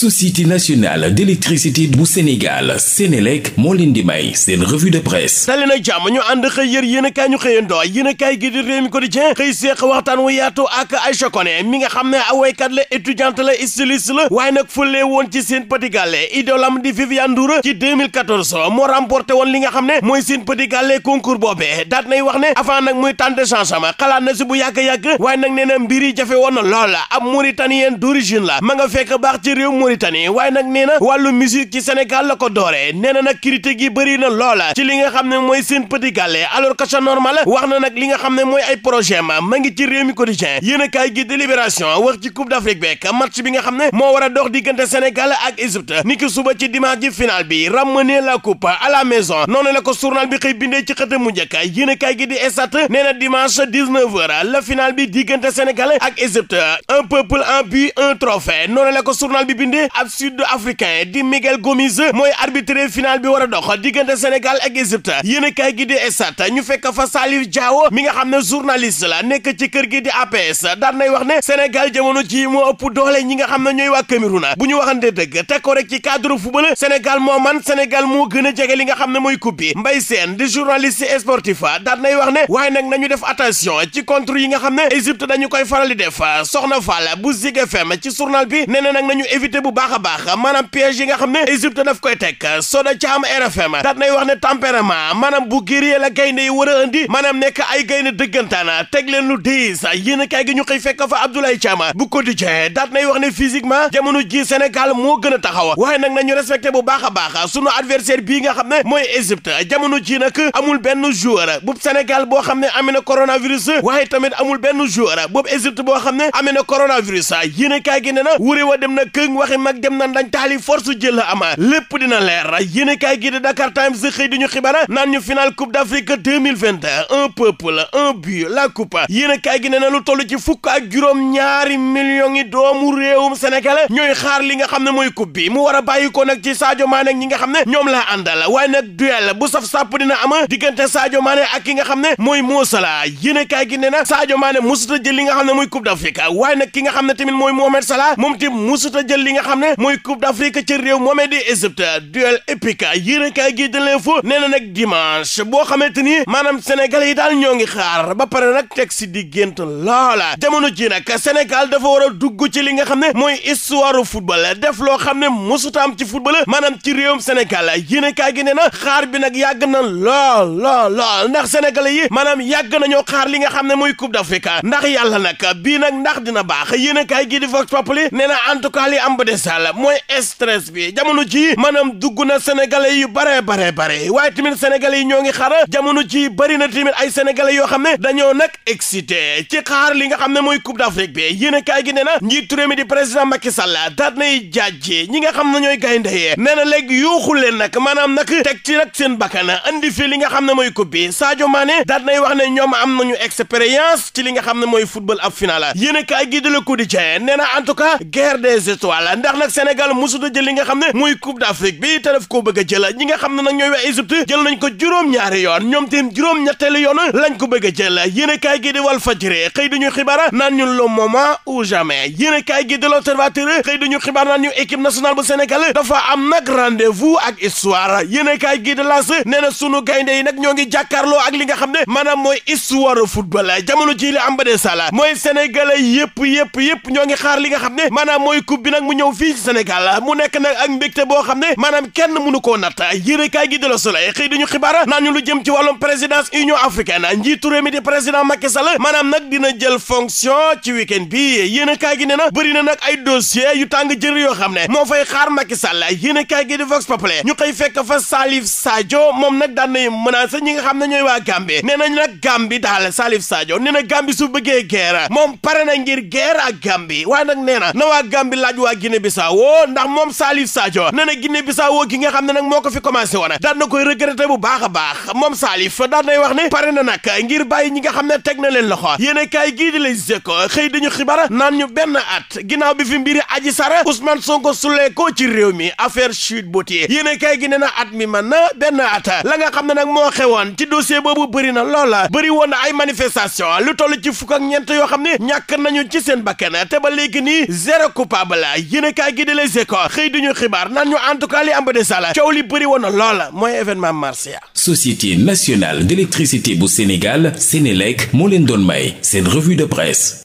société nationale d'électricité bu Sénégal Sénélec moo leen di may seen revue de presse tali na jàmm ñu ànd xëy yër yéen a kaay ñu xëyandoo yéen a kaay gi di réew mi quotidien xëy waxtaan wu yaatu ak Aïcha Koné mi nga xam ne awaykat la étudiante la styliste la waaye nag fëlee woon ci seen Petit Gallé idoolam di Viviane Ndour ci moo remporté woon li nga xam ne mooy seen Petit Gallé concours boobee daat nay wax ne avant nag muy nag nee na mbir yi jafe woon Mauritanie waaye nag nee na wàllu musique ci Sénégal la ko dooree nee na nag critique loola ci li xam ne mooy Sen Petit Gallé alors normal wax na nag li xam ne mooy ay projet ma ma ngi ci Rewmi Quotidien yéen a kaay gi délibération wax ci Coupe d'Afrique beeg match bi nga xam ne moo war a dox diggante Sénégal ak Égypte niki suba ci dimanche ji final bi ramener la coupe à la maison noonu la ko journal bi xëy ci xët mu njëkk yéen a kaay gi di Stades nee na ab sud africain di Miguel Gomis mooy arbitre final bi war a dox diggante Sénégal ak Égypte yéen kay gi di Stades ñu fekk fa Salif Diao mi nga xam ne journaliste la nekk ci kër gi di APS daan nay wax ne Sénégal jamono ji moo ëpp doole ñi nga xam ne ñooy waa Cameroun bu ñu waxante dëgg teg ko rek ci cadre football Sénégal moo man Sénégal moo gën a jege li nga xam ne mooy coupe bi Mbaye Sène di journaliste sportif daan nay wax ne waaye nag nañu def attention ci contre yi nga xam ne Égypte dañu koy di def Soxna Fall bu bi bu baax a baax maanaam piège yi nga xam ne Égypte daf koy teg Soda Caam RFM daat nay wax ne tempérament maanaam bu gérée la gaynde yi war a indi maanaam nekk ay gaynde dëggantaana teg leen lu diis yéen a kaay gi ñu xëy fekk fa Abdoulaye Caam bu quotidien daat nay wax ne physiquement jamono ji Sénégal moo gën a taxaw waaye na nañu respecté bu baax a baax sunu adversaire bii nga xam ne mooy Égypte jamono ji nag amul benn joueur bu Sénégal boo xam ne amee na coronavirus waaye tamit amul benn joueur boobu Égypte boo xam ne amee na coronavirus yéen a na wuré wa mag dem nañ dañ taali force jël la ama lépp dina leer yéen kaay gi di Dakar Times xëy di ñu xibaar naan ñu final coupe d'Afrique 2022 un peuple un but la coupe yéen kaay gi nee na lu toll ci fukk ak juróom ñaari millions yi doomu réewum Sénégal ñooy xaar li nga xam ne mooy coupe bi mu war a bàyyi ko nag ci Sadio ñi nga xam ne ñoom laa àndal waaye nag duel bu saf sàpp dina am diggante Sadio Mané ak ki nga xam ne mooy Mo Salah yéen kaay gi nee na Sadio Mané musuta jël li nga mooy coupe d'Afrique ki nga xam ne tamit mooy nga xam ne mooy coupe d'Afrique ci réew moomee di Égypte duel épique yéenekaay gi de l'info nee na nag dimanche boo xamante ni maanaam Sénégal yi daal ñoo ngi xaar ba pare nag teg si di gént loola jamono ji nag Sénégal dafa war a dugg ci li nga xam ne mooy histoire football def loo xam ne mosutaam ci football maanaam ci réewum Sénégal yéenekaay gi nee na xaar bi nag yàgg na lool lool lool ndax sénégalais yi maanaam yàgg nañoo xaar li nga xam ne mooy coupe d'Afrique ndax yàlla nag bii nag ndax dina baax yéenekaay gi di Vox Populi nee na en tout cas Macky Sall mooy stress bi jamono ji maanaam dugg na sénégalais yu bare bare bare waaye tamit sénégalais yi ñoo ngi xara jamono ji bëri na tamit ay sénégalais yoo xam ne dañoo nag excité ci xaar li nga xam ne mooy coupe d'Afrique bi yéen kaay gi nee na njiitu réew mi di président Macky Sall daat nay jaajee ñi nga xam ne ñooy gaynde yi nee na léegi yuuxu leen nag maanaam nag teg ci nag seen bakkana andi fi li nga xam ne mooy coupe bi ma Mané daat nay wax ne ñoom am nañu expérience li nga xam ne mooy football ab final na en ndax nag Sénégal musuta jël li nga xam ne muy coupe d'Afrique bi te daf koo bëgg a jël ñi nga xam ne nag ñooy waa Égypte jël nañ ko juróom ñaar yoon ñoom teen juróom-ñetteelu yoon lañ ko bëgg a jël yéen a kaay gi di Walf xëy duñu naan ñu le moment ou jamais yéen a kaay gi di L'Observateur xëy duñu xibaar naan ñu équipe nationale bu Sénégal dafa am nag rendez-vous ak histoire yéen kaay gi di L'As nee na sunu gaynde yi nag ñoo ngi jàkkaarloo ak li nga xam ne maanaam mooy histoire football jamono ji am ba de sala mooy sénégalais yëpp yëpp yëpp ñoo ngi xaar li nga xam ne maanaam mooy coupe bi nag mu ñëw xew fii ci Sénégal mu nekk nag ak mbégte boo xam ne maanaam kenn mënu koo natt yéenekaay gi de la Soleil xëy dañu xibaar naan ñu lu jëm ci wàllum présidence Union africaine njiitu réew mi di président Macky Sall maanaam nag dina jël fonction ci week-end bi yéenekaay gi ne na bëri na nag ay dossier yu tàng jër yoo xam ne moo fay xaar Macky Sall yéenekaay gi di Vox Populi ñu koy fekk fa Salif Sadio moom nag daan a menacer ñi nga xam ne ñooy waa Gambie nee nañ nag Gambie daal Salif Sadio nee na Gambie su bëggee guerre moom pare na ngir guerre ak Gambie waaye nag Guinée-Bissau ndax moom Salif Sadio nee na Guinée-Bissau gi nga xam ne nag moo ko fi commencé woon daan na koy regretté bu baax a baax moom Salif daan nay wax ne pare na nag ngir bàyyi ñi nga xam ne teg na leen loxo yéen kaay gii di lay jëkko xëy dañu benn at ginnaaw bi fi mbiri Adji Sarr Ousmane Sonko sulee ko ci réew mi affaire Sweet Beauté yéen kaay gi nee na at mi man na benn at la nga xam ne nag moo xewoon ci dossier boobu bëri na loola bëri woon na ay manifestation lu toll ci fukk ak yoo xam ne ñàkk nañu ci seen bakkan te ba léegi nii zéro yéenekaay gi di Les Échos xëy duñu xibaar naan ñu en tout cas li am ba de sala coow li bëri na loola mooy événement mars ya Société nationale d'électricité bu Sénégal Sénélec moo leen doon may seen revue de presse